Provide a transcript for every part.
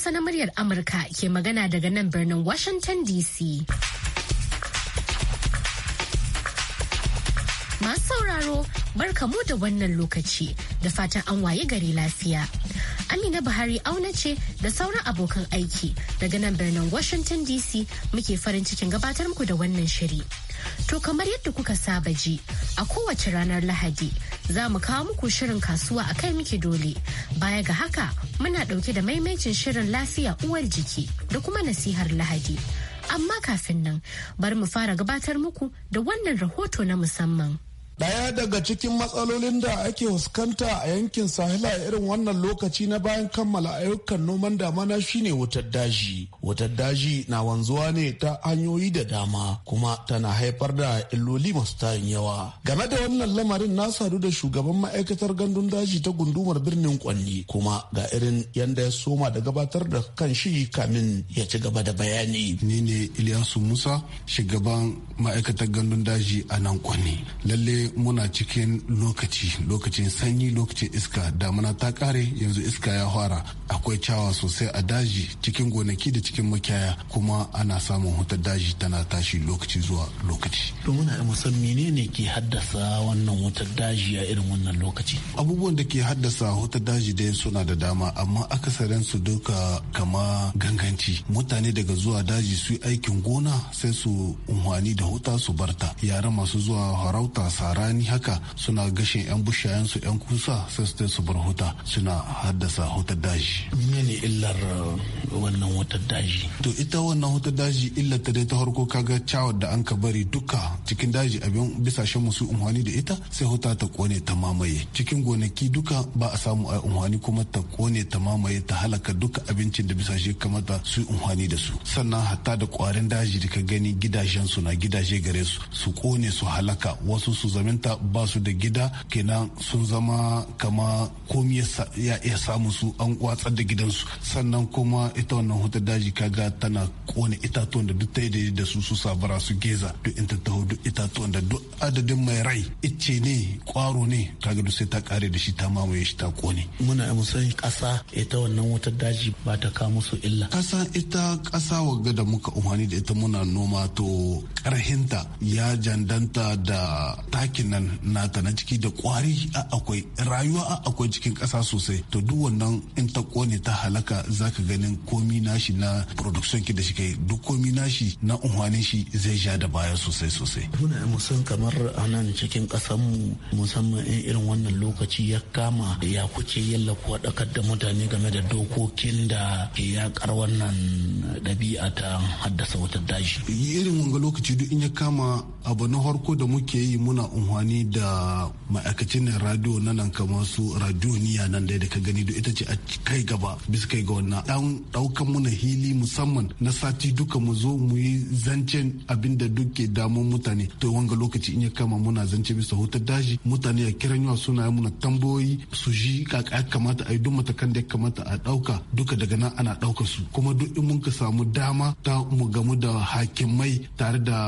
Hausa na muryar Amurka ke magana daga nan birnin Washington DC. Masu sauraro barka mu da wannan lokaci da fatan an waye gari lafiya. Amina Buhari auna ce da sauran abokan aiki daga nan birnin Washington DC muke farin cikin gabatar muku da wannan shiri. To kamar yadda kuka saba ji a kowace ranar Lahadi za mu kawo muku shirin kasuwa a kai muke dole. Baya ga haka muna ɗauke da maimacin shirin lafiya uwar jiki da kuma nasihar Lahadi. Amma kafin nan bari mu fara gabatar muku da wannan rahoto na musamman. Daya daga cikin matsalolin da ake fuskanta a yankin sahila irin wannan lokaci na bayan kammala ayyukan noman damana shine wutar daji. Wutar daji na wanzuwa ne ta hanyoyi da dama kuma tana haifar da illoli masu tarin yawa. Game da wannan lamarin na sadu da shugaban ma'aikatar gandun daji ta gundumar birnin Kwanni kuma ga irin yanda ya soma da gabatar da kan shi kamin ya ci gaba da bayani. Ni ne Ilyasu Musa shugaban ma'aikatar gandun daji a nan Kwanni. Lalle muna cikin lokaci lokacin sanyi lokacin iska damuna ta kare yanzu iska ya fara akwai cawa sosai a daji cikin gonaki da cikin makiyaya kuma ana samun hutar daji tana tashi lokaci zuwa lokaci to muna da musan menene ke haddasa wannan wutar daji a irin wannan lokaci abubuwan da ke haddasa hutar daji dai suna da dama amma akasarin su duka kama ganganci mutane daga zuwa daji su aikin gona sai su unhwani da huta su barta yara masu zuwa harauta sara rani haka suna gashin 'yan bushayen su 'yan kusa sai su su bar huta suna haddasa hutar daji. Menene illar uh, wannan hutar daji? To ita wannan hutar daji illar ta dai ta harko kaga cawar da an ka bari duka cikin daji abin shan musu umhani da ita sai huta ta kone ta mamaye cikin gonaki duka ba a samu a umhani kuma ta kone ta mamaye ta halaka duka abincin da bisashe kamata su umhani da su sannan hatta da kwarin daji da ka gani gidajen su na gidaje gare su su kone su halaka wasu su mazaminta ba su da gida kenan sun zama kama komi ya iya samu su an watsar da gidansu sannan kuma ita wannan hutar daji kaga tana kone itatuwan da duk ta yi da su su sabara su geza duk in ta taho duk itatuwan da duk adadin mai rai ice ne kwaro ne kaga duk sai ta kare da shi ta mamaye shi ta kone muna musan kasa ita wannan wutar daji ba ta ka musu illa kasa ita kasa wagga da muka umarni da ita muna noma to karhinta ya jandanta da taki dakin nan nata na ciki da kwari a akwai rayuwa a akwai cikin ƙasa sosai to duk wannan in ta kone ta halaka zaka ganin komi nashi na production ki da shi kai duk komi nashi na unhwanin shi zai ja da baya sosai sosai muna musan kamar anan cikin ƙasar mu musamman in irin wannan lokaci ya kama ya kuce yalla ko dakar da mutane game da dokokin da ke yakar wannan ɗabi'a ta haddasa wata daji irin wanga lokaci duk in ya kama abu na harko da muke yi muna unhwani da ma'aikacin radio na nan kamar su radio niya nan da ka gani da ita ce a kai gaba bisa kai ga wannan dan daukan mu na hili musamman na sati duka mu zo mu yi zancen abin da duke damun mutane to wanga lokaci in ya kama muna zance bisa hutar daji mutane ya kiran yawa suna yi muna tambayoyi su ji kaka ya kamata a yi duk matakan da ya kamata a dauka duka daga nan ana dauka su kuma duk in mun ka samu dama ta mu gamu da hakimai tare da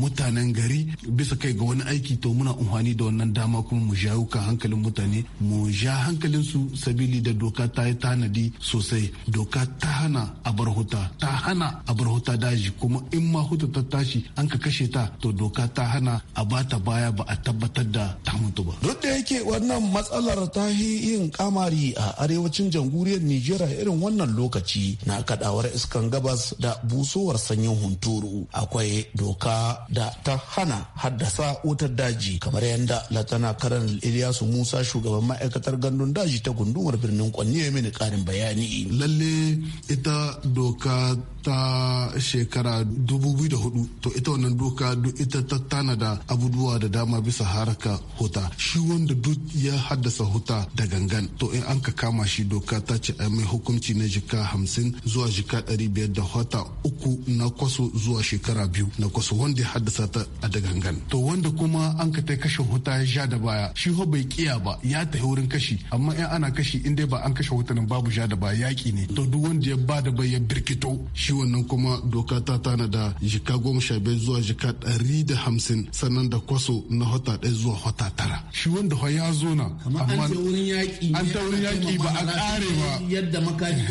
mutanen gari bisa kai ga wani aiki to muna amfani da wannan dama kuma mu jawo kan hankalin mutane mu ja hankalin su sabili da doka ta yi tanadi sosai doka ta hana abar huta ta hana abar huta daji kuma in ma huta ta tashi an ka kashe ta to doka ta hana a bata baya ba a tabbatar da ta mutu ba duk da yake wannan matsalar ta yin kamari a arewacin jamhuriyar Nijar a irin wannan lokaci na kadawar iskan gabas da busowar sanyin hunturu akwai doka da ta hana haddasa wutar daji daji kamar yadda latana karan iliyasu Musa shugaban ma'aikatar gandun daji ta gundumar birnin Kwanni ya mini karin bayani. Lalle ita doka ta shekara 2004 to ita wannan doka duk ita ta tana da abubuwa da dama bisa haraka huta shi wanda duk ya haddasa huta da gangan to in an ka kama shi doka ta ce a mai hukunci na jika hamsin zuwa jika dari biyar da huta uku na kwaso zuwa shekara biyu na kwaso wanda ya haddasa ta a da gangan to wanda kuma an ka ta kashe huta ya sha da baya shi ho bai kiya ba ya tafi wurin kashi amma in ana kashi in dai ba an kashe nan babu sha da baya yaki ne to duk wanda ya ba da bai ya birkito shi nan kuma doka ta tana da jika goma sha biyar zuwa jika ɗari da hamsin sannan da kwaso na hota ɗaya zuwa hota tara shi wanda ya zo na amma an ta wurin yaƙi ba a ƙare ba yadda makaji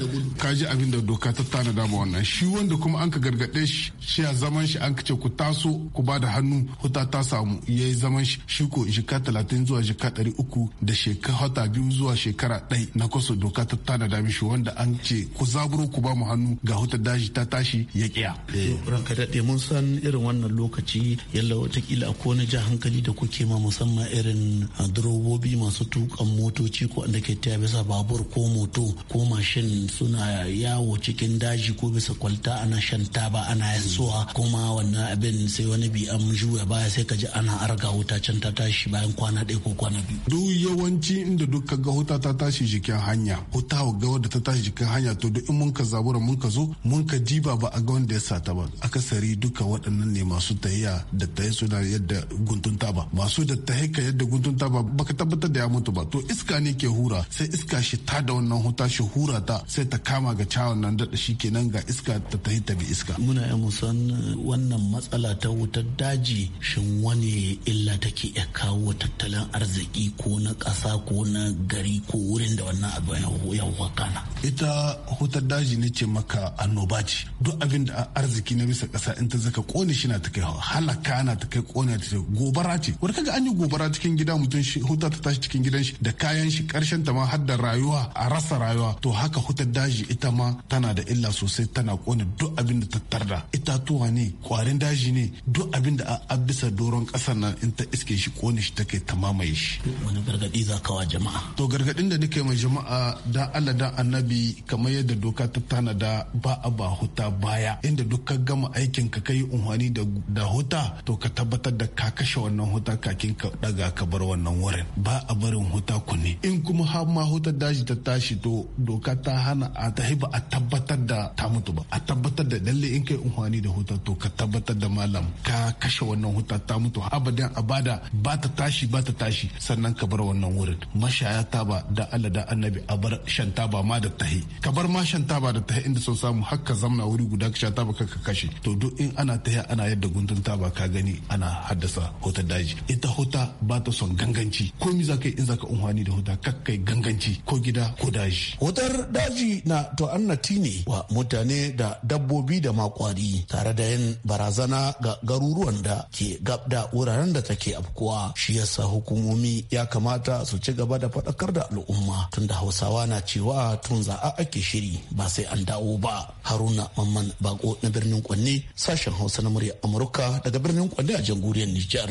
da gudu kaji abin da doka ta tana da wannan shi wanda kuma an ka gargaɗe shi shi a zaman shi an ka ce ku taso ku ba da hannu hota ta samu ya yi zaman shi shi ko jika talatin zuwa jika ɗari uku da shekara hota biyu zuwa shekara ɗai na kwaso doka ta tana da mishi wanda an ce ku zaburo ku ba mu hannu ga hota Ta daji ta tashi ya kiya. Eh. ranka daɗe mun san irin wannan lokaci yalla watakila a kone ja hankali da kuke ma musamman irin ah, durobobi masu tukan motoci ko da ke taya bisa babur ko moto ko mashin suna yawo cikin daji ko bisa kwalta ana shan taba ana yansuwa mm. kuma wannan abin sai wani bi an juya baya sai ka ji ana arga wuta can ta tashi bayan kwana ɗaya ko kwana biyu. duk yawanci inda duk ka ga wuta ta tashi jikin hanya wuta ga wadda ta tashi jikin hanya to duk in mun ka zabura mun ka zo mun ka ji ba a ga wanda ya sata ba akasari duka waɗannan ne masu tahiya da tahi suna yadda guntun ba masu da ta ka yadda guntun ba baka tabbatar da ya mutu ba to iska ne ke hura sai iska shi ta da wannan huta shi hura ta sai ta kama ga cawan nan daɗa shi kenan ga iska ta tahi ta bi iska. muna yi musan eh, wannan matsala ta wutar daji shin wani illa take ya kawo tattalin arziki ko na ƙasa ko na gari ko wurin da wannan abu ya wakana. ita hutar daji ne ce maka a annoba ce duk abin da arziki na bisa kasa in ta zaka kone shi na ta kai halaka na ta kai kone ta gobara ce wani kaga an yi gobara cikin gida mutum shi huta ta tashi cikin gidan shi da kayan shi karshen ta ma har da rayuwa a rasa rayuwa to haka hutar daji ita ma tana da illa sosai tana kone duk abin da ta tarda itatuwa ne kwarin daji ne duk abin da a bisa doron ƙasar nan in ta iske shi kone shi ta kai ta mamaye shi wani gargadi za ka wa jama'a to gargadin da nake ma jama'a da Allah da annabi kamar yadda doka ta tana da ba ba a ba huta baya inda duk ka gama aikin ka kai unhani da huta to ka tabbatar da ka kashe wannan huta kakin ka daga ka bar wannan wurin ba a barin huta kunne in kuma har ma huta daji ta tashi to doka ta hana a ta ba a tabbatar da ta mutu ba a tabbatar da lalle in kai unhani da huta to ka tabbatar da malam ka kashe wannan huta ta mutu abadan abada ba ta tashi ba ta tashi sannan ka bar wannan wurin mashaya ba da Allah da annabi a bar shan ba ma da tahi ka bar ma shan ba da tahi inda sun samu hakka zamna wuri guda ka sha taba ka kashe to duk in ana ta ana yadda guntun taba ka gani ana haddasa hotar daji ita hota ba ta son ganganci ko mi za ka yi in za ka unhwani da hota kakkai ganganci ko gida ko daji hotar daji na to annati ne wa mutane da dabbobi da makwari tare da yin barazana ga garuruwan da ke gab da wuraren da take afkuwa shi yasa hukumomi ya kamata su ci gaba da faɗakar da al'umma tunda hausawa na cewa tun za'a ake shiri ba sai an dawo ba haruna mamman bako na birnin kwanne sashen hausa na murya amurka daga birnin kwanne a jamhuriyar nijar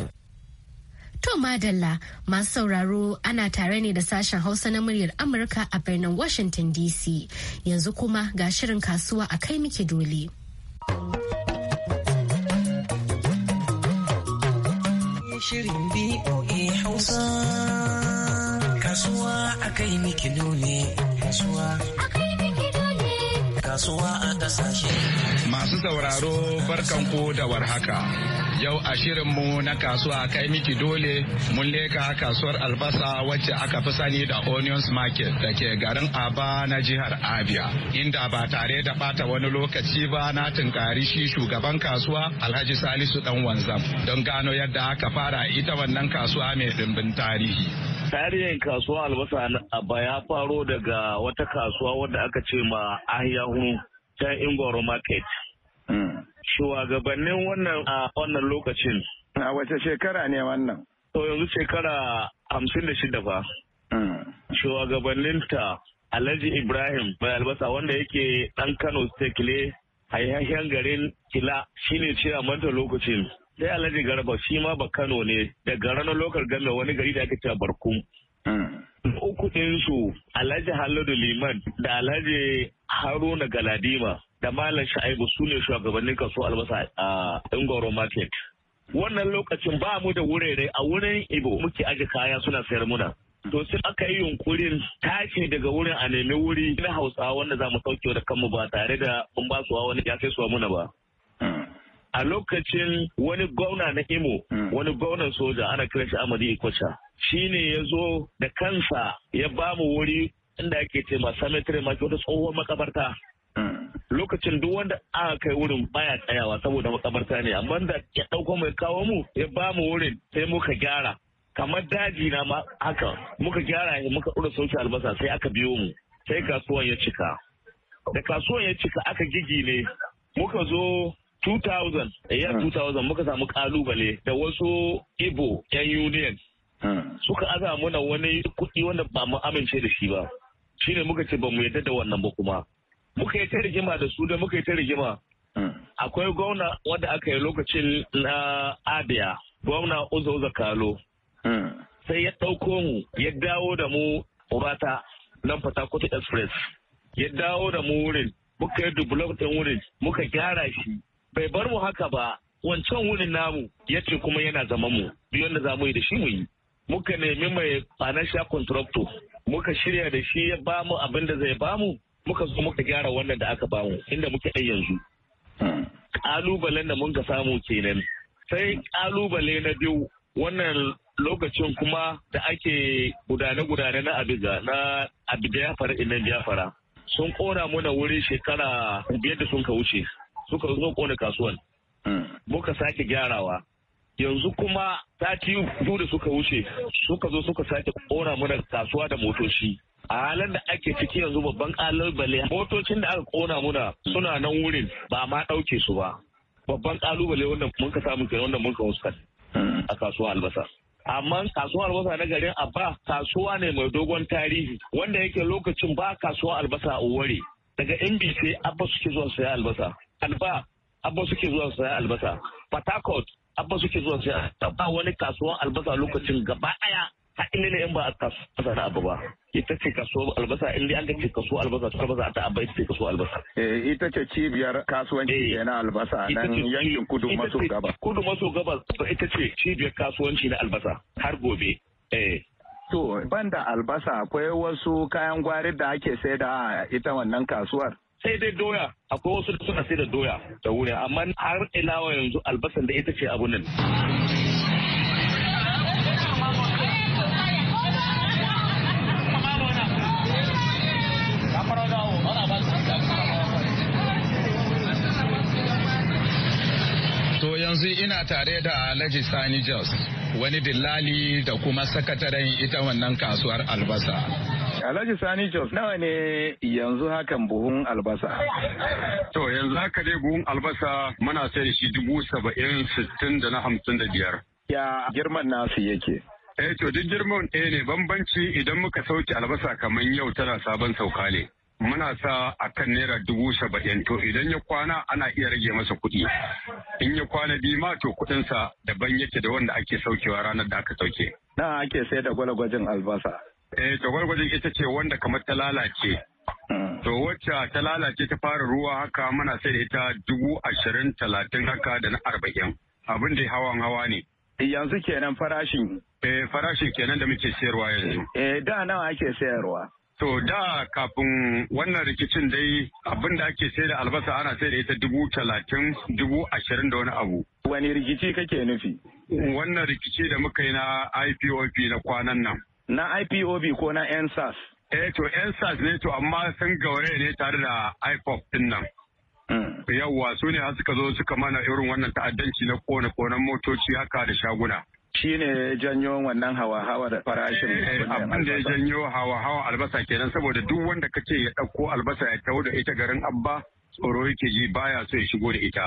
To Madalla masu sauraro ana tare ne da sashen Hausa na muryar Amurka a birnin Washington DC. Yanzu kuma ga shirin kasuwa a kai miki dole. Shirin kasuwa a kai miki dole kasuwa kasuwa a kasashe. Masu sauraro barkanku da warhaka. Yau a mu na kasuwa kai miki dole mun leka kasuwar albasa wacce aka fi sani da Onions Market da ke garin Aba na jihar Abia. Inda ba tare da bata wani lokaci ba na tunkari shi shugaban kasuwa Alhaji Salisu Dan Wanzam don gano yadda aka fara ita wannan kasuwa mai dimbin tarihi. tarihin kasuwa albasa a ya faro daga wata kasuwa wadda aka ce ma ahiyahu ta ingoro market hmm. shugabannin wannan a wannan lokacin a wace shekara ne wannan to yanzu shekara hamsin da shida fa hmm. ta alhaji ibrahim bai albasa wanda yake dan kano state haihahen garin kila shine ce manta lokacin sai alhaji garba shi ma ba kano ne daga ranar lokar gallo wani gari da ake cewa barkun mm. uku ɗinsu alhaji haladu liman da alhaji haruna galadima da malam sha'ibu su ne shugabannin kaso albasa a ingoro market wannan lokacin ba mu da wurare a wurin ibo muke aje kaya suna sayar muna to sai aka yi yunkurin tashi daga wurin a nemi wuri na hausawa wanda za mu sauke da kanmu ba tare da mun ba su wani ya sai suwa muna ba a lokacin wani gwamna na Imo, hmm. wani gwamnan soja ana kira shi Amadi ikwacha Shi ne ya zo da kansa ya ba mu wuri inda ake ce ma cemetery maki wata tsohuwar makabarta. Hmm. Lokacin duk wanda aka kai wurin baya tsayawa saboda makabarta ne, amma da ya ɗauko mai kawo mu ya ba mu wurin sai muka gyara. Kamar daji na ma haka muka gyara muka ɗora sauki albasa sai aka biyo mu sai kasuwan ya cika. Da kasuwan ya cika aka gigi ne muka zo 2000 eh, ya 2000 hmm. muka samu kalubale da wasu ibo 'yan union hmm. suka aza muna wani kuɗi wanda ba mu amince da shi ba shine muka ce ba mu yarda da wannan ba kuma muka yi ta rigima da su da muka yi ta rigima hmm. akwai gwamna wanda aka yi lokacin na abia gwamna uzo uzo kalo sai ya ɗauko mu ya dawo da mu ubata nan fatakwata express ya dawo da mu wurin muka yi dublok ɗin wurin muka gyara shi bai bar mu haka ba wancan wurin namu ya ce kuma yana zama mu biyan da za mu yi da shi mu yi muka nemi mai financial contractor muka shirya da shi ya ba mu abin da zai ba mu muka zo muka gyara wannan da aka ba mu inda muke ɗan yanzu kalubalen hmm. da mun ka samu kenan sai ƙalubale na biyu wannan lokacin kuma da ake gudane-gudane na abiga na abiga ya fara inan ya sun kora mu na wuri shekara biyar da sun ka wuce suka zo kone kasuwan hmm. muka sake gyarawa yanzu kuma sati biyu da suka wuce suka zo suka sake kona mana kasuwa da motoci a halin da ake ciki yanzu babban kalubale motocin da aka kona muna suna nan wurin ba ma ɗauke su ba babban kalubale wanda mun ka samu kenan wanda mun ka huskar hmm. a kasuwa albasa amma kasuwa albasa na garin abba kasuwa ne mai dogon tarihi wanda yake lokacin ba kasuwa albasa a ware daga NBC sai abba suke zuwa saya albasa alba abba suke zuwa sayan albasa patakot abba suke zuwa sayan ba wani kasuwan albasa lokacin gaba daya a inda ne in ba a kasuwa na abu ba ita ce kasuwa albasa in dai an ce kasuwa albasa ta albasa ta abba ita ce kasuwa albasa eh, ita ce cibiyar kasuwanci eh, na albasa nan yankin kudu maso gabas kudu maso gabas ita ce cibiyar kasuwanci na albasa har gobe eh to banda albasa akwai wasu kayan gwari da ake saida a ita wannan kasuwar sai dai doya akwai wasu da suna sai da doya da wuri amma har ina wa yanzu albasan da ita ce abu nan To yanzu ina tare da Alhaji Sani Jos, wani dillali da kuma sakataren ita wannan kasuwar albasa. Alhaji Sani Jos nawa ne yanzu hakan buhun albasa? To yanzu haka dai buhun albasa muna sai da shi dubu saba'in sittin da na hamsin da biyar. Ya girman nasu yake. Eh to duk girman ɗaya ne bambanci idan muka sauke albasa kamar yau tana sabon sauka ne. muna sa a kan naira dubu saba'in to idan ya kwana ana iya rage masa kuɗi in ya kwana biyu ma to kuɗinsa daban yake da wanda ake saukewa ranar da aka sauke. Na ake sai da gwalagwajin albasa. Eh, tagwargwajin ita ce wanda kamar ta lalace. Hmm. To wacce ta lalace ta fara ruwa haka muna sai da ita dubu ashirin talatin haka da na arba'in. Abin da hawan hawa ne. Yanzu kenan farashin. Eh, farashin kenan da muke sayarwa yanzu. Eh, da nawa ake sayarwa. To da kafin wannan rikicin dai abin da ake sai da albasa ana sai da ita dubu talatin dubu ashirin da wani abu. Wani rikici kake nufi? Wannan rikici da muka yi na IPOP na kwanan nan. na ipob ko na nsas eh to nsas ne to amma sun gaure ne tare da ipop din nan mm. yawwa su ne suka zo suka mana irin wannan ta'addanci na kone konan motoci haka da shaguna shi ne janyo wannan hawa-hawa da farashin eh, abin da ya janyo hawa-hawa albasa kenan saboda duk wanda ka ce ya ɗauko albasa ya taho da ita garin abba tsoro yake ji baya so ya shigo da ita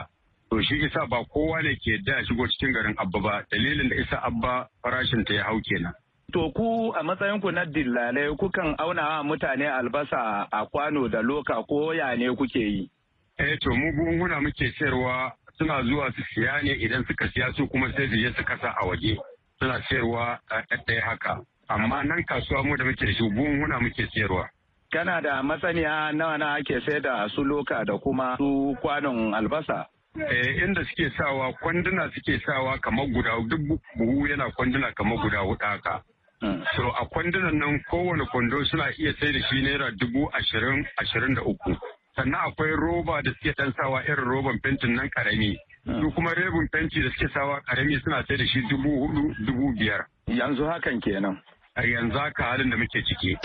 to shi isa ba kowa ne ke da shigo cikin garin abba ba dalilin da isa abba farashin ya hau kenan To ku a matsayin ku na dillalai kukan auna wa mutane albasa a kwano da loka ko ya ne kuke yi? Eh to mu gunguna muke sayarwa suna zuwa su siya ne idan suka siya su kuma sai su je su kasa a waje suna sayarwa ɗaya haka. Amma nan kasuwa mu da muke da shi muke sayarwa. Kana da masaniya nawa na ake sai da su loka da kuma su kwanon albasa? Eh, inda suke sawa kwanduna suke sawa kamar guda duk buhu yana kwanduna kamar guda huɗu haka Mm. So a kwandunan nan kowane kwando suna iya sai da shi naira dubu ashirin ashirin da uku. Sannan akwai roba da suke dan sawa irin roban fentin nan karami. Mm. Su kuma rebun fenti da suke sawa karami suna sai da shi dubu hudu dubu biyar. Yanzu hakan kenan. Yanzu haka halin da muke ciki.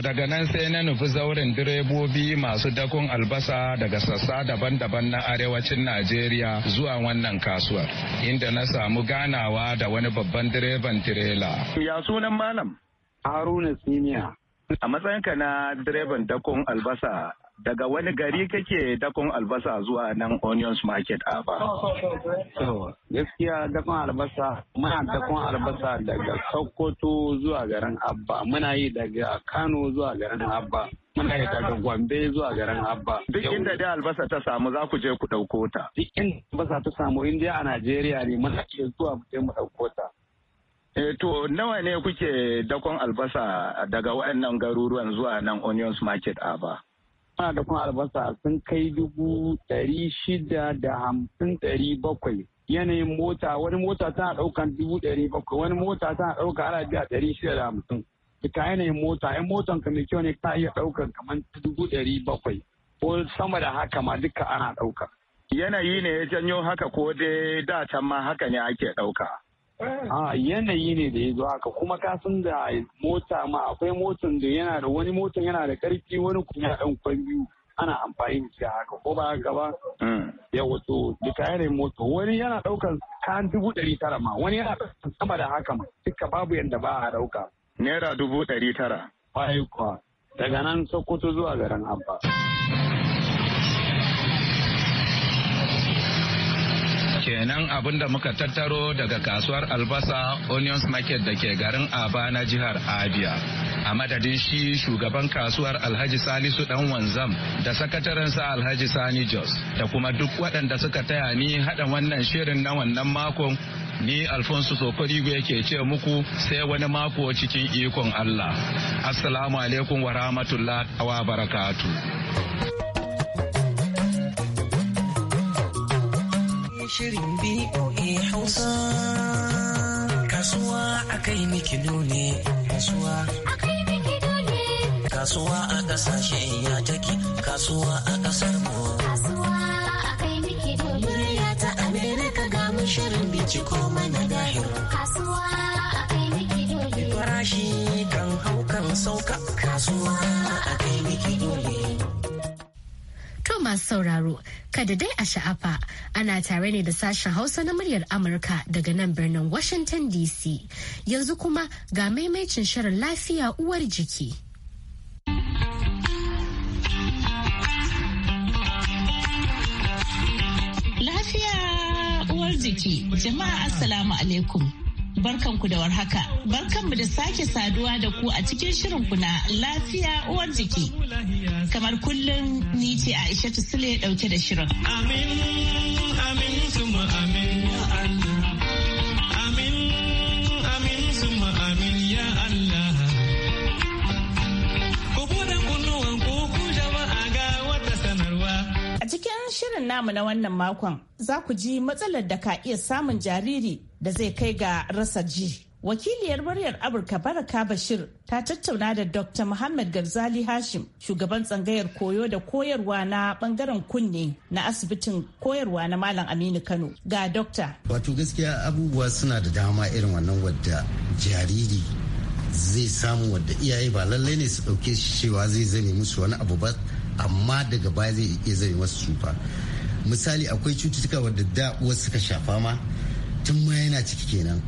daga nan sai na nufi zauren direbobi masu dakon albasa daga sassa daban-daban na arewacin Najeriya zuwa wannan kasuwar, inda na samu ganawa da wani babban direban tirela. Ya sunan malam? Haruna Siniya. A matsayinka na direban dakon albasa daga wani gari kake dakon albasa zuwa nan onions market a ba gaskiya dakon albasa muna dakon albasa daga sokoto zuwa garin abba muna yi daga kano zuwa garin abba muna yi daga gombe zuwa garin abba duk inda dai albasa ta samu za ku je ku ɗauko ta duk inda albasa ta samu indiya a najeriya ne muna ke zuwa mu je mu ɗauko ta E to nawa ne kuke dakon albasa daga waɗannan garuruwan zuwa nan Onions Market a ba? ana da kuma albasa sun kai dubu ɗari shida da hamsin ɗari bakwai yanayin mota wani mota tana ɗaukan dubu ɗari bakwai wani mota tana ɗauka ana biya ɗari shida da hamsin ka yanayin mota yan motan ka mai kyau ne ka iya ɗaukan kamar dubu ɗari bakwai ko sama da haka ma duka ana ɗauka. yanayi ne ya janyo haka ko dai da can ma haka ne ake ɗauka. a yanayi ne da ya zo haka kuma kasan da mota ma akwai motan da yana da wani motan yana da karfi wani kuma ya dan kwan biyu ana amfani da shi haka ko ba haka ba mm. ya wato da tayar mota wani yana daukar kan dubu ɗari tara ma wani yana sama da haka ma duka babu yadda ba a dauka naira dubu ɗari tara kwaye daga nan sokoto zuwa garin abba kenan abin da muka tattaro daga kasuwar albasa onions market da ke garin aba na jihar abia a madadin shi shugaban kasuwar alhaji salisu dan wanzam da sakatarensa alhaji sani jos da kuma duk waɗanda suka taya ni haɗa wannan shirin na wannan makon ni alfonso sokorigwe yake ce muku sai wani mako cikin ikon allah assalamu alaikum wa rahmatullah wa barakatu shirin BOA Hausa. Kasuwa a kai mikido ne, kasuwa. Kasuwa a kasashen ya take, kasuwa a kasar mu. Kasuwa a kai mikido ne. ta Amerika ga mu shirin binciko mana dahir. Kasuwa a kai mikido ne. Farashi kan hau kan sauka, kasuwa a kai mikido ne. To masu sauraro, da dai a sha'afa ana tare ne da sashen Hausa na muryar Amurka daga nan birnin Washington DC. Yanzu kuma ga maimacin shirin lafiya uwar jiki. Lafiya uwar jiki, jama'a Assalamu alaikum. barkanku da warhaka. Barkanmu da sake saduwa da ku a cikin shirinku na lafiya uwar jiki. Kamar kullum ni ce Aisha Sule dauke da shirin. Amin, amin, kuma amin Amin, ya Allah. Ku buɗe ku ga wata sanarwa. A cikin shirin namu na wannan makon za ku ji matsalar da ka iya samun jariri da zai kai ga rasa ji. Wakiliyar muryar Amurka Baraka Bashir ta tattauna da Dr. Muhammad Garzali Hashim, shugaban tsangayar koyo da koyarwa na bangaren kunne na asibitin koyarwa na Malam Aminu Kano ga Dokta. Wato gaskiya abubuwa suna da dama irin wannan wadda jariri zai samu wadda iyaye ba lallai ne su ɗauke shi cewa zai zame musu wani abu ba amma daga baya zai iya zame masu ba Misali akwai cututtuka wadda da wasu suka shafa ma tun ma yana ciki kenan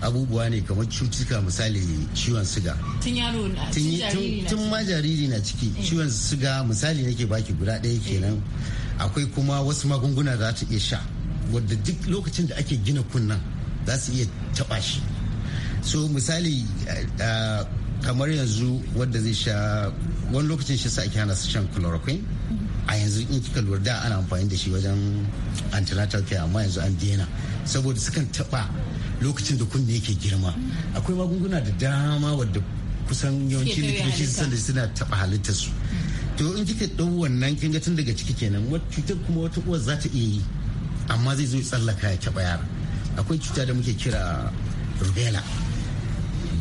abubuwa ne kamar cutuka misali ciwon siga tun yaro tun ma jariri na ciki eh. ciwon siga misali nake baki guda ɗaya eh. kenan akwai kuma wasu magunguna za ta iya sha wadda duk lokacin da ake gina kunnan za su iya taɓa shi so misali eh, kamar yanzu wadda zai sha wani lokacin shi sa ake hana su shan chloroquine a yanzu in kika lura da ana amfani da shi wajen antenatal care amma yanzu an dena saboda sukan taba lokacin da kunne yake girma akwai magunguna da dama wadda kusan yawanci likitoci sun da suna taba halittar su to in kika dau wannan kin ga tun daga ciki kenan wata cutar kuma wata uwar za ta iya yi amma zai zo tsallaka ya taba yara akwai cuta da muke kira rubella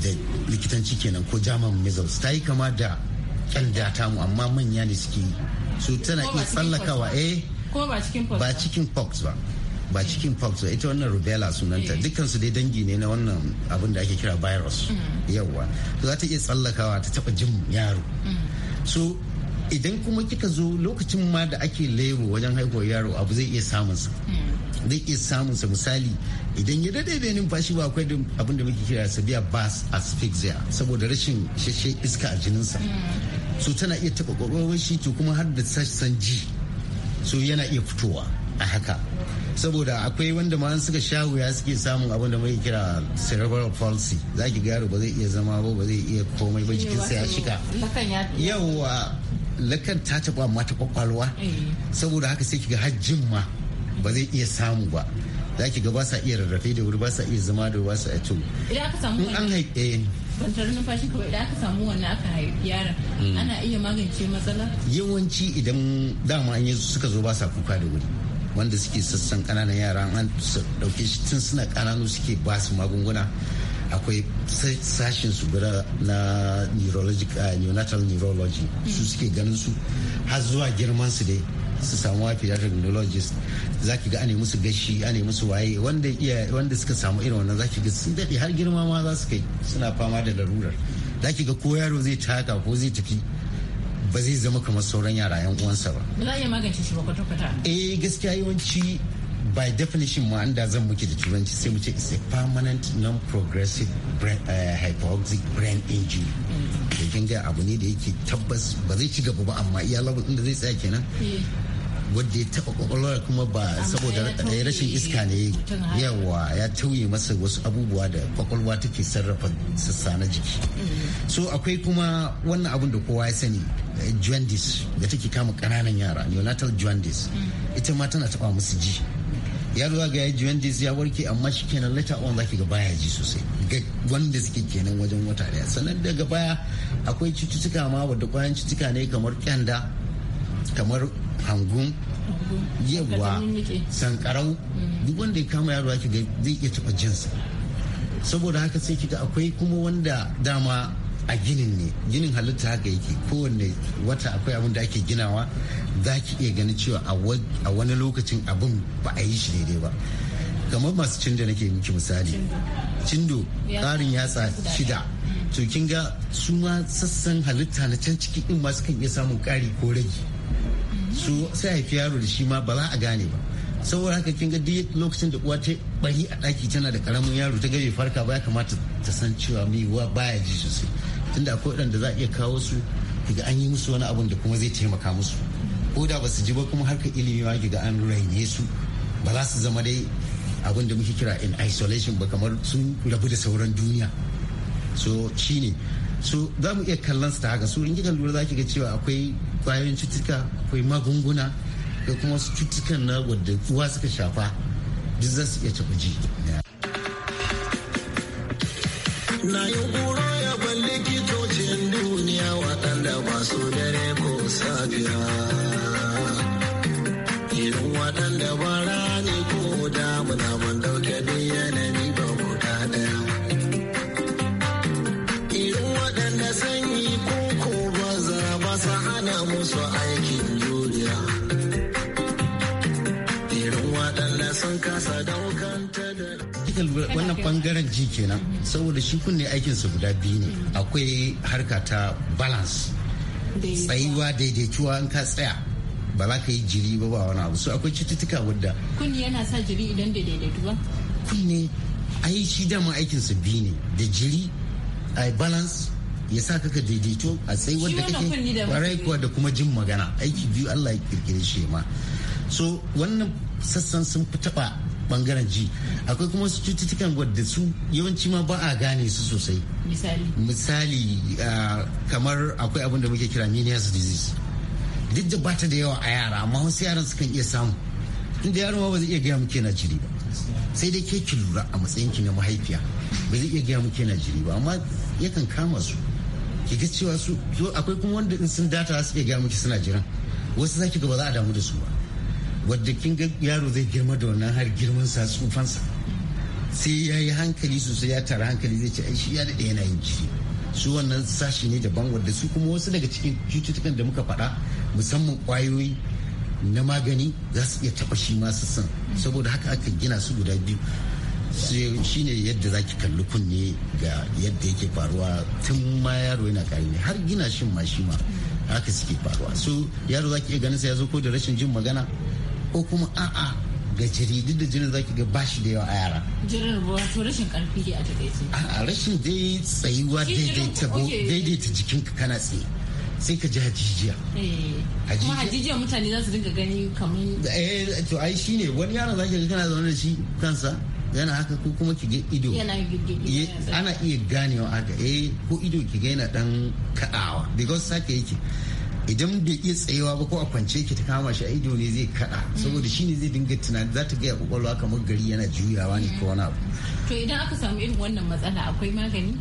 da likitanci kenan ko german measles ta yi kama da yan data mu amma manya ne suke yi so tana iya tsallakawa eh ba cikin pox ba ba cikin pox eh. ba ita wannan rubella sunanta eh. dukansu dai dangi ne na wannan abin da ake kira virus mm. yawa to za ta iya tsallakawa ta taba jin yaro mm. so idan kuma kika zo lokacin ma da ake lebo wajen haihuwar yaro abu zai iya samun sa mm. zai iya samun sa misali idan ya dade da numfashi ba akwai abin da muke kira sabiya bas asphyxia saboda rashin shashe iska a jinin sa so tana iya taba kwakwalwar shi to kuma har da sassan ji so yana iya fitowa a haka saboda akwai wanda ma suka sha wuya suke samun abin da muke kira cerebral palsy za ki gano ba zai iya zama ba ba zai iya komai ba jikinsa ya shika eh, yawa lakan ta taba mata kwakwalwa eh. saboda haka sai ki ga hajjin ma ba zai iya samu ba za ki ga ba sa iya rarrafe da wuri ba sa iya zama da ba sa iya to idan aka samu an haife eh. bantar numfashi kawai idan aka samu wannan aka haifi yaron hmm. ana iya magance matsala yawanci idan dama an yi suka zo ba sa kuka da wuri wanda suke sassan kananan yara an dauke shi tun suna kananu suke ba su magunguna akwai sashen su gura na ah, neonatal neurology su hmm. suke ganin su har zuwa girman su dai su samu pediatric technologies za ki ga ane musu gashi ane musu waye wanda iya wanda suka samu irin wannan za ki ga sun daɗe har girma ma za su kai suna fama da larurar za ki ga ko yaro zai taka ko zai tafi ba zai zama kamar sauran yara yan uwansa ba. Ba za a iya magance shi ba kwata-kwata. Eh gaskiya yawanci by definition ma da zan muke da turanci sai mu ce is a permanent non-progressive brain, uh, hypoxic brain injury da mm. kin abu ne da yake tabbas ba zai ci gaba ba amma iya labar inda zai tsaya kenan eh. wadda ya taba kwakwalwa kuma ba saboda rashin iska ne yawa ya tauye masa wasu abubuwa da kwakwalwa take sarrafa sassa na jiki mm-hmm. so akwai kuma wannan abin da kowa ya sani eh, jaundice da take kama kananan yara neonatal jaundice mm-hmm. ita ma tana taba musu ji ya zuwa ga ya jaundice ya warke amma shi kenan later on zaki ga baya ji sosai ga wanda suke kenan wajen wata daya sannan daga baya akwai cututtuka ma wadda kwayan cututtuka ne kamar kyanda kamar hangun yawa sankarau mm. duk wanda ya kama yaro ake zai iya taɓa jinsa saboda haka sai kika akwai kuma wanda dama a ginin ne ginin halitta haka yake kowanne wata akwai abin da ake ginawa za ki iya ganin cewa a wani lokacin abin ba a yi shi daidai ba kamar masu cindo nake miki misali cindo ƙarin yatsa shida mm. to kin ga su ma sassan halitta na can ciki in masu kan iya samun ƙari ko rage su sai haifi yaro da shi ma ba za a gane ba saboda haka kin ga duk lokacin da uwa ta bari a daki tana da karamin yaro ta gabe farka ba ya kamata ta san cewa mai uwa baya ji sosai tunda akwai waɗanda za a iya kawo su kiga an yi musu wani abun da kuma zai taimaka musu ko da ba su ji ba kuma harkar ilimi ma kiga an raine su ba za su zama dai abin da muke kira in isolation ba kamar sun rabu da sauran duniya so shine so za mu iya kallon su ta haka so in kika lura za ki ga cewa akwai kwayoyin cututtuka akwai magunguna da kuma wasu cututtukan na wadda uwa suka shafa duk za su iya tafi Na yi goro ya ban likitocin duniya waɗanda su dare ko safiya. Irin waɗanda ba rani ko damuna ba wannan bangaren ji kenan saboda shi kunne aikinsa guda biyu ne akwai harka ta balance tsayuwa daidaituwa in ka tsaya ba za ka yi jiri ba ba wani abu so akwai cututtuka wadda kunne yana sa jiri idan bai daidaitu ba kunne ai shi dama aikinsa biyu ne da jiri a balance ya sa kaka daidaito a tsayi wadda kake kwarai kuwa da kuma jin magana aiki biyu Allah ya kirkire shi ma so wannan sassan sun fi taba bangaren ji akwai kuma wasu cututtukan wadda su yawanci ma ba a gane su sosai misali kamar akwai abin da muke kira menias disease duk da bata da yawa a yara amma wasu yaran sukan iya samu inda yaron ma ba zai iya gaya muke na jiri ba sai dai ke ki lura a matsayin ki na mahaifiya ba zai iya gaya muke na jiri ba amma yakan kama su ki ga cewa su akwai kuma wanda in sun data su iya gaya muke suna jiran wasu zaki ga ba za a damu da su ba wadda kin ga yaro zai girma da wannan har girman sa tsufansa sai ya yi hankali sosai ya tara hankali zai ce ai shi ya daɗe yana yin jiri su wannan sashi ne daban wadda su kuma wasu daga cikin cututtukan da muka faɗa musamman ƙwayoyi na magani za su iya taɓa shi masu san saboda haka aka gina su guda biyu shi ne yadda za ki kalli kunne ga yadda yake faruwa tun ma yaro yana ne har gina shin ma shi ma haka suke faruwa so yaro za ki iya ganin sa ya zo ko da rashin jin magana ko kuma a'a ga jaridu da jirin zaki ga bashi da yawa a yara. Jirin wato rashin karfi ke a takaice. A rashin dai tsayuwa daidaita ka kana tsaye. sai ka ji hajijiya. Eh, kuma hajijiya mutane za su dinga gani kamar. Eh to ai shine wani yaron zaki ga kana zaune da shi kansa yana haka ko kuma ki ga ido ana iya ganewa haka eh ko ido ki ga yana dan kadawa because sake yake idan bai iya tsayewa ba ko a kwance ki ta kama shi a ido ne zai kada mm. saboda shi ne zai dinga tunani za ta gaya kwakwalwa kamar gari yana juyawa ne ko wani abu mm. to idan aka samu irin wannan matsala akwai magani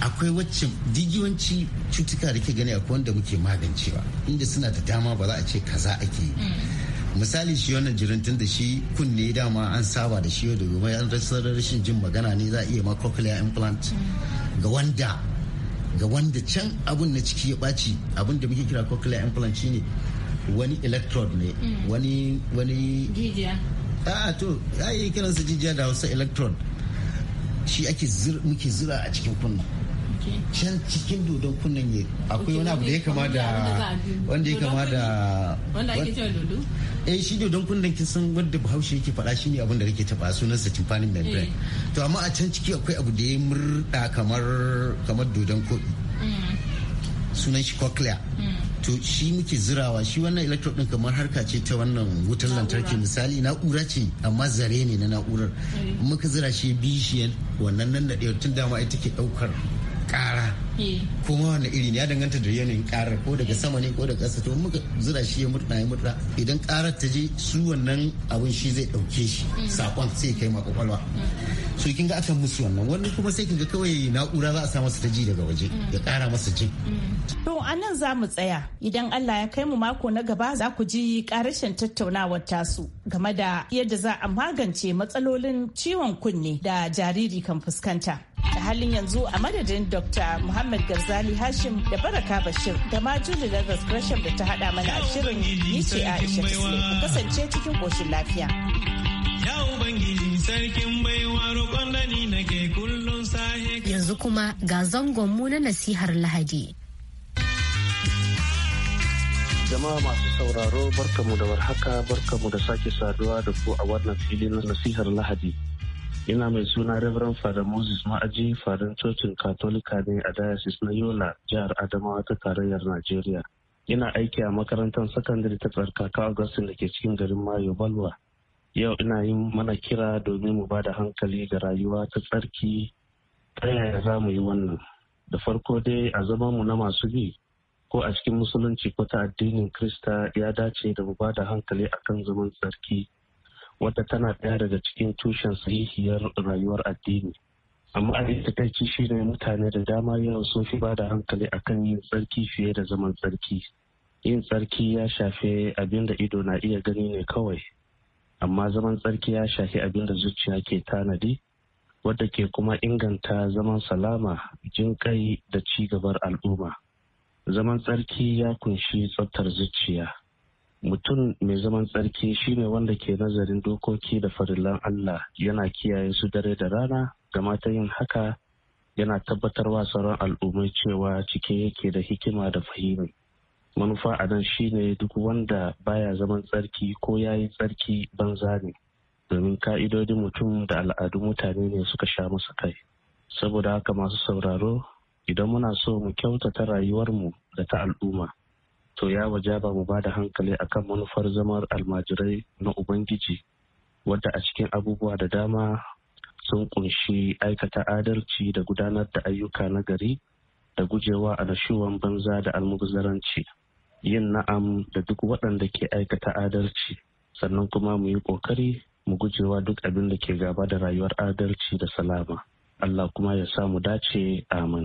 akwai wacce digiwanci cutuka da ke gani akwai wanda muke magancewa inda suna da dama ba za a ce kaza ake yi mm. misali shi wannan jirintun da shi kunne dama an saba da shi yau da gobe an rashin jin magana ne za a iya ma cochlear implant ga wanda ga wanda can abun na ciki ya ɓaci abun da muke kira cochlear implant ne wani electrode ne mm. wani wani jijiya a to ya yi kiransa jijiya da hausa electrode shi ake muke zira a cikin kunna can cikin dodon kunnen ne akwai wani abu da ya kama da wanda ya kama da wanda ake cewa dodo eh shi dodon kunnen kin san wanda bahaushe yake faɗa shi ne abin da rike taba sunan sa timpanin membrane eh. to amma a can ciki akwai abu da ya murda kamar kamar dodon koɗi mm. sunan shi cochlea mm. to shi muke zirawa shi wannan electrode din kamar harka ce ta wannan wutar lantarki misali na'ura ce amma zare ne na na'urar eh. muka zira shi bishiyar wannan nan da tun dama ita ke daukar kara eh. kuma wani iri ne ya danganta da yanayin karar ko daga eh. sama ne ko daga ƙasa to muka zura shi ya mutu ya mutu idan karar ta je su wannan abin shi zai ɗauke shi eh. sakon sai kai ma kwakwalwa so kin ga aka musu wannan wani kuma sai kinga kawai na'ura za a sa masa ta ji daga waje ya kara masa ji to anan za mu tsaya idan Allah ya kai mu mako na gaba za ku ji karashin tattaunawar tasu game da yadda za a magance matsalolin ciwon kunne da jariri kan fuskanta halin yanzu a madadin Dr. Muhammad Garzali Hashim da Baraka Bashir da ma Julie Lazarus Gresham da ta hada mana a shirin ni ce Aisha ku kasance cikin koshin lafiya. Ya Ubangiji Yanzu kuma ga zangon mu na nasihar Lahadi. jama'a masu sauraro barkamu da warhaka barkamu da sake saduwa da ku a wannan filin nasihar lahadi Ina mai suna Reverend Father Moses Ma'aji Fadan Cocin Katolika ne a Diocese na Yola, jihar Adamawa ta tarayyar Najeriya. Ina aiki a makarantar sakandare ta tsarkaka Augustin da ke cikin garin Mayo Balwa. Yau ina yi mana kira domin mu ba da hankali ga rayuwa ta tsarki ta yaya za mu yi wannan. Da farko dai a zama mu na masu bi ko a cikin musulunci ko ta addinin Krista ya dace da mu ba da hankali akan zaman tsarki wadda tana ɗaya daga cikin tushen sahihiyar rayuwar addini amma abin takaici shi ne mutane da dama yawan sun fi ba da hankali akan yin tsarki fiye da zaman tsarki yin tsarki ya shafe abin da ido na iya gani ne kawai amma zaman tsarki ya shafi abin da zuciya ke tanadi wadda ke kuma inganta zaman salama jin kai da ci gabar al'umma zaman tsarki ya kunshi tsaftar zuciya mutum mai zaman tsarki shine wanda ke nazarin dokoki da farillan Allah yana kiyaye su dare da rana gama ta yin haka yana tabbatar wa sauran al'ummai cewa cike yake da hikima da fahimi manufa a nan shine duk wanda baya zaman tsarki ko ya yi tsarki banza ne domin ka'idodin mutum da al'adun mutane ne suka sha masa kai saboda haka masu sauraro idan muna so mu kyautata rayuwarmu da ta al'umma to ya wajaba mu ba da hankali akan manufar zamar almajirai na ubangiji wadda a cikin abubuwa da dama sun kunshi aikata adalci da gudanar da ayyuka na gari da gujewa a nashuwan banza da almubazaranci yin na'am da duk waɗanda ke aikata adalci sannan kuma mu yi ƙoƙari mu gujewa duk abin da ke gaba da rayuwar adalci da salama allah kuma ya samu dace amin.